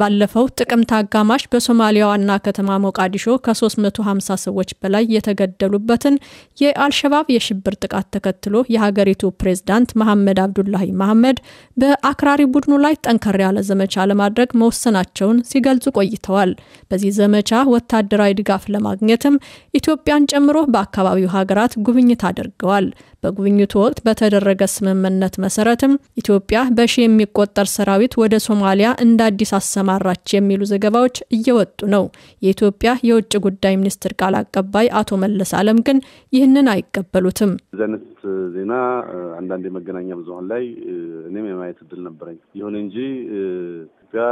ባለፈው ጥቅምት አጋማሽ በሶማሊያ ዋና ከተማ ሞቃዲሾ ከ350 ሰዎች በላይ የተገደሉበትን የአልሸባብ የሽብር ጥቃት ተከትሎ የሀገሪቱ ፕሬዝዳንት መሐመድ አብዱላሂ መሐመድ በአክራሪ ቡድኑ ላይ ጠንከር ያለ ዘመቻ ለማድረግ መወሰናቸውን ሲገልጹ ቆይተዋል። በዚህ ዘመቻ ወታደራዊ ድጋፍ ለማግኘትም ኢትዮጵያን ጨምሮ በአካባቢው ሀገራት ጉብኝት አድርገዋል። በጉብኝቱ ወቅት በተደረገ ስምምነት መሰረትም ኢትዮጵያ በሺ የሚቆጠር ሰራዊት ወደ ሶማሊያ እንደ አዲስ አሰማራች የሚሉ ዘገባዎች እየወጡ ነው። የኢትዮጵያ የውጭ ጉዳይ ሚኒስትር ቃል አቀባይ አቶ መለስ አለም ግን ይህንን አይቀበሉትም። እዚህ ዜና አንዳንድ የመገናኛ ብዙሀን ላይ እኔም የማየት እድል ነበረኝ። ይሁን እንጂ ኢትዮጵያ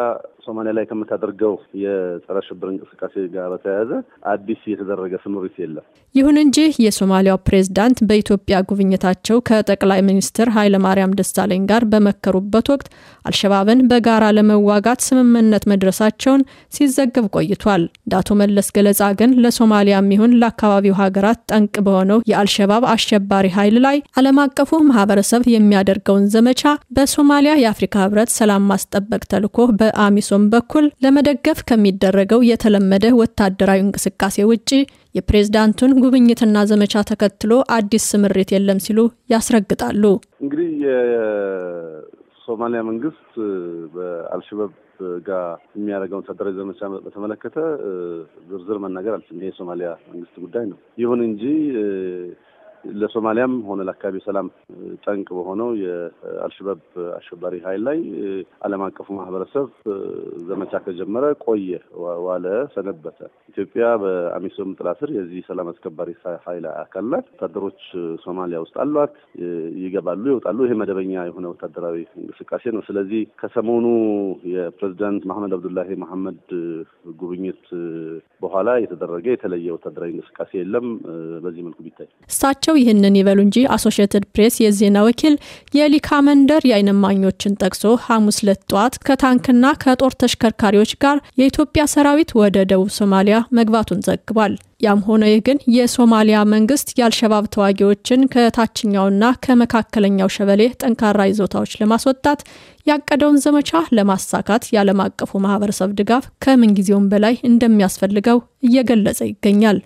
ሶማሊያ ላይ ከምታደርገው የጸረ ሽብር እንቅስቃሴ ጋር በተያያዘ አዲስ የተደረገ ስምሪት የለም። ይሁን እንጂ የሶማሊያው ፕሬዝዳንት በኢትዮጵያ ጉብኝታቸው ከጠቅላይ ሚኒስትር ኃይለማርያም ደሳለኝ ጋር በመከሩበት ወቅት አልሸባብን በጋራ ለመዋጋት ስምምነት መድረሳቸውን ሲዘግብ ቆይቷል። እንደ አቶ መለስ ገለጻ ግን ለሶማሊያም ይሁን ለአካባቢው ሀገራት ጠንቅ በሆነው የአልሸባብ አሸባሪ ኃይል ላይ ዓለም አቀፉ ማህበረሰብ የሚያደርገውን ዘመቻ በሶማሊያ የአፍሪካ ህብረት ሰላም ማስጠበቅ ተልዕኮ በአሚስ በኮንሶም በኩል ለመደገፍ ከሚደረገው የተለመደ ወታደራዊ እንቅስቃሴ ውጪ የፕሬዝዳንቱን ጉብኝትና ዘመቻ ተከትሎ አዲስ ስምሪት የለም ሲሉ ያስረግጣሉ። እንግዲህ የሶማሊያ መንግስት በአልሸባብ ጋር የሚያደርገውን ወታደራዊ ዘመቻ በተመለከተ ዝርዝር መናገር አልችልም። ይሄ የሶማሊያ መንግስት ጉዳይ ነው። ይሁን እንጂ ለሶማሊያም ሆነ ለአካባቢ ሰላም ጠንቅ በሆነው የአልሸባብ አሸባሪ ኃይል ላይ ዓለም አቀፉ ማህበረሰብ ዘመቻ ከጀመረ ቆየ፣ ዋለ፣ ሰነበተ። ኢትዮጵያ በአሚሶም ጥላ ስር የዚህ ሰላም አስከባሪ ኃይል አካል ናት። ወታደሮች ሶማሊያ ውስጥ አሏት፣ ይገባሉ፣ ይወጣሉ። ይሄ መደበኛ የሆነ ወታደራዊ እንቅስቃሴ ነው። ስለዚህ ከሰሞኑ የፕሬዚዳንት መሐመድ አብዱላሂ መሐመድ ጉብኝት በኋላ የተደረገ የተለየ ወታደራዊ እንቅስቃሴ የለም። በዚህ መልኩ ቢታይ እሳቸው ይህ ይህንን ይበሉ እንጂ አሶሽትድ ፕሬስ የዜና ወኪል የሊካመንደር መንደር እማኞችን ጠቅሶ ሐሙስ ዕለት ጠዋት ከታንክና ከጦር ተሽከርካሪዎች ጋር የኢትዮጵያ ሰራዊት ወደ ደቡብ ሶማሊያ መግባቱን ዘግቧል። ያም ሆነ ይህ ግን የሶማሊያ መንግስት የአልሸባብ ተዋጊዎችን ከታችኛውና ከመካከለኛው ሸበሌ ጠንካራ ይዞታዎች ለማስወጣት ያቀደውን ዘመቻ ለማሳካት የዓለም አቀፉ ማህበረሰብ ድጋፍ ከምንጊዜውም በላይ እንደሚያስፈልገው እየገለጸ ይገኛል።